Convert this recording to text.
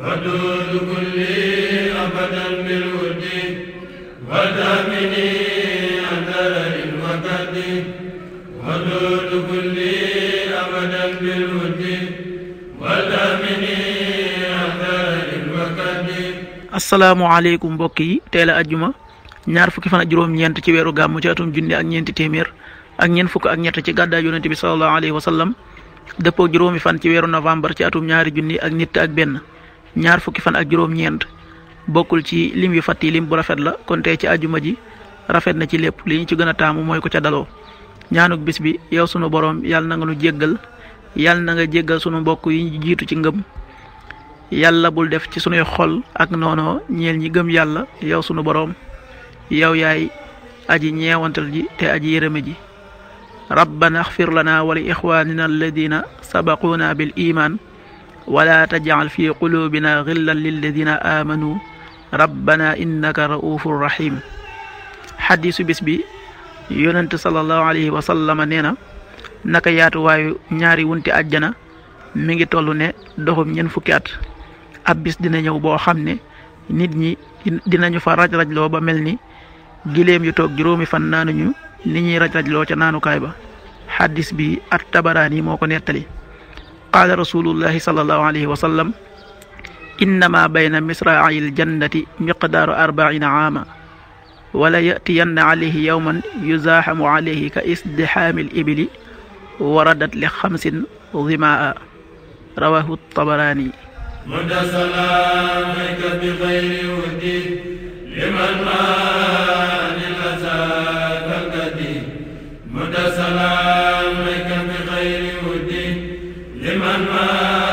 ودود كلي أبدا بالود وتأمني أثر الوقت ودود كلي أبدا بالود وتأمني أثر الوقت asalaamaaleykum mbokk yi tey la ajjuma ñaar fukki fan ak ñeent ci weeru gàmmu ci atum junni ak ñeenti téeméer ak ñeent fukk ak ñett ci gàddaay yonente bi sallallahu alayhi wa sallam dëppoo juróomi fan ci weeru novembre ci atum ñaari junni ak nit ak benn ñaar fukki fan ak juróom-ñeent bokkul ci lim yu fàtti lim bu rafet la kon ci ajuma ji rafet na ci lépp li ñu ci gën a taamu mooy ko ca daloo ñaanuk bis bi yow sunu boroom yàlla nanga nga nu jéggal yàlla na nga jéggal sunu mbokk yi ñu ci ngëm yàlla bul def ci sunuy xol ak noonoo ñeel ñi gëm yàlla yow sunu boroom yow yaay aji ñeewantal ji te aji yërëme ji rabbana axfir lana wa li ixwanina alladina sabaquuna bil iman wala tajal fi qulubina xillan lilladina amanu rabbana innaka raufur rahim xadisu bis bi yonent salallahu alayhi wa sallama nee na naka yaatuwaayu ñaari wunti àjjana mi ngi toll ne doxum ñen fukki at ab bis dina ñëw boo xam ne nit ñi dinañu fa raj-rajloo ba mel ni giléem yu toog juróomi fan naanuñu ni ñuy raj-rajloo ca naanukaay ba xaddis bi at tabaraani moo ko nettali qaala rasulullahi sallallahu alayhi wa sallam innama bayna misraai aljannati miqdaaru arbaina aama wala yatiyanna alayhi yowman yuzaaxamu alayhi ka isdixaami libili waradat li xamsin dimaa rawahu tabaraani mutasalaamika liman ma